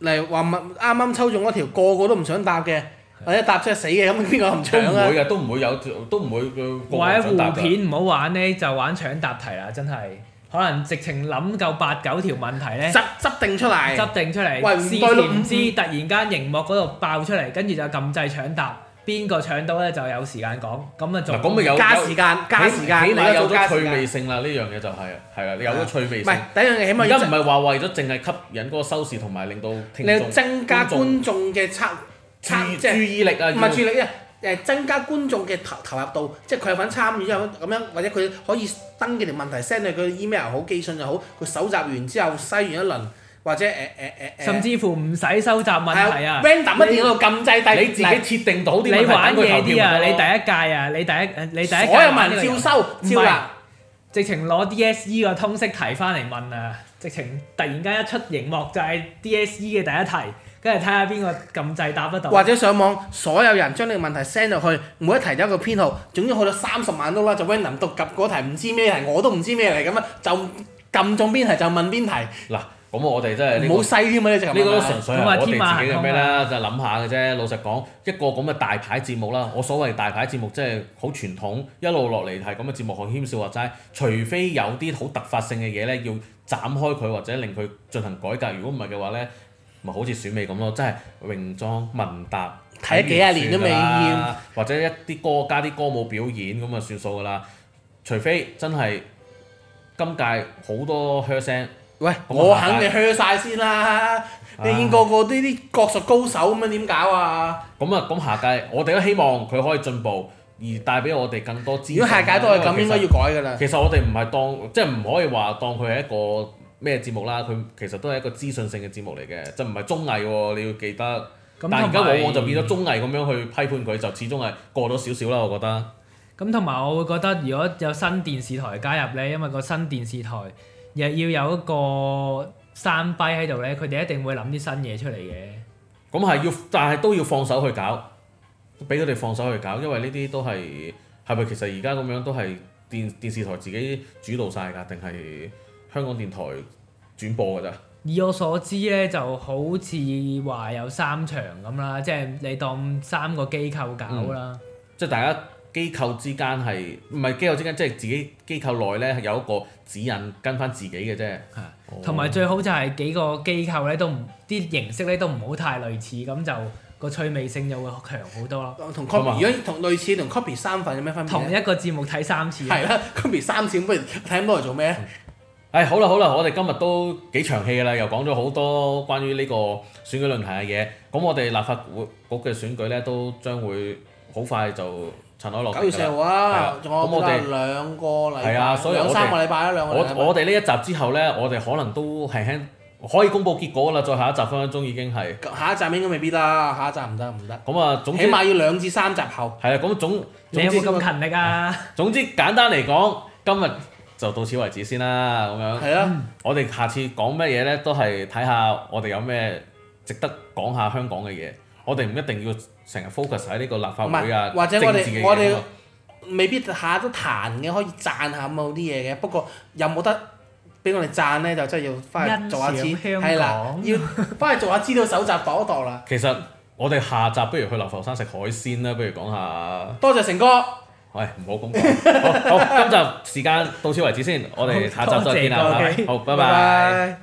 例如話啱啱抽中嗰條，個個都唔想答嘅，或者答出嚟死嘅，咁邊個唔搶啊？唔會嘅，都唔會有條，都唔會個。或者糊片唔好玩呢，就玩搶答題啦，真係可能直情諗夠八九條問題呢，執執定出嚟，執定出嚟，事先知、嗯、突然間熒幕嗰度爆出嚟，跟住就撳掣搶答。邊個搶到咧就有時間講，咁啊再加時間，起加時間，起起你了有咗趣味性啦，呢樣嘢就係、係，係啦，有咗趣味性。唔係第一樣嘢，起碼而家唔係話為咗淨係吸引嗰個收視同埋令到聽眾你要增加觀眾嘅參參注意力啊，唔係注意力，誒要、啊、增加觀眾嘅投投入度，即係佢有份參與之後咁樣，或者佢可以登記條問題 send 到佢 email 又好，寄信又好，佢搜集完之後篩完一輪，或者誒誒誒誒，甚至乎唔使收集問題啊！random 抌喺電腦撳制第，你自己設定到啲題，你玩嘢啲啊！你第一屆啊，你第一你第一屆，所有人照收照答啊！直情攞 DSE 個通識題翻嚟問啊！直情突然間一出熒幕就係 DSE 嘅第一題，跟住睇下邊個撳制答得到。或者上網，所有人將呢個問題 send 落去，每題都有個編號，總之去到三十萬都啦。就 random 讀及嗰題唔知咩題，我都唔知咩嚟咁啊！就撳中邊題就問邊題嗱。咁我哋真係呢個，呢個純粹係我哋自己嘅咩啦，就諗下嘅啫。老實講，一個咁嘅大牌節目啦，我所謂大牌節目即係好傳統，一路落嚟係咁嘅節目，好攢笑話齋。除非有啲好突發性嘅嘢咧，要斬開佢或者令佢進行改革。如果唔係嘅話咧，咪好似選美咁咯，即係泳裝問答，睇幾廿年都未厭，或者一啲歌加啲歌舞表演咁啊，就算數噶啦。除非真係今屆好多噓聲。喂，我肯定缺晒先啦！啊、你見個個呢啲國術高手咁樣點搞啊？咁啊，咁下屆我哋都希望佢可以進步，而帶俾我哋更多資訊。如果下屆都係咁，應該要改噶啦。其實我哋唔係當，即係唔可以話當佢係一個咩節目啦。佢其實都係一個資訊性嘅節目嚟嘅，就唔係綜藝喎，喔。你要記得，但係而家往往就變咗綜藝咁樣去批判佢，就始終係過咗少少啦。我覺得。咁同埋我會覺得，如果有新電視台加入咧，因為個新電視台。若要有一個生胚喺度咧，佢哋一定會諗啲新嘢出嚟嘅。咁係要，但係都要放手去搞，俾佢哋放手去搞，因為呢啲都係係咪其實而家咁樣都係電電視台自己主導晒㗎，定係香港電台轉播㗎咋？以我所知咧，就好似話有三場咁啦，即係你當三個機構搞啦、嗯，即係大家。機構之間係唔係機構之間，即係自己機構內咧有一個指引跟翻自己嘅啫。係的，同埋、哦、最好就係幾個機構咧都唔啲形式咧都唔好太類似，咁就個趣味性就會強好多咯。同 copy 如果同類似同 copy 三份有咩分別？同一個節目睇三,三次。係啦，copy 三次咁不如睇咁多嚟做咩？誒、嗯 哎、好啦好啦，我哋今日都幾長氣啦，又講咗好多關於呢個選舉論壇嘅嘢。咁我哋立法會局嘅選舉咧都將會好快就。九月四號啊，仲有兩個禮拜，有三個禮拜啦，兩個禮拜。我哋呢一集之後咧，我哋可能都輕輕可以公佈結果啦。再下一集分分鐘已經係。下一集應該未必啦，下一集唔得唔得。咁啊，總之起碼要兩至三集後。係啊，咁總總之咁勤力啊。 總之簡單嚟講，今日就到此為止先啦。咁樣。係啦的。我哋下次講咩嘢咧？都係睇下我哋有咩值得講下香港嘅嘢。我哋唔一定要成日 focus 喺呢個立法會啊或者我哋政治嘅嘢咯。我哋未必下下都彈嘅，可以贊下某啲嘢嘅。不過有冇得俾我哋贊咧，就真係要翻去，去做下錢。係啦，了 要翻去做下資料搜集度一度啦。其實我哋下集不如去流浮山食海鮮啦，不如講下。多謝成哥。喂、哎，唔好咁講。好，今集時間到此為止先， 我哋下集再見啦拜拜。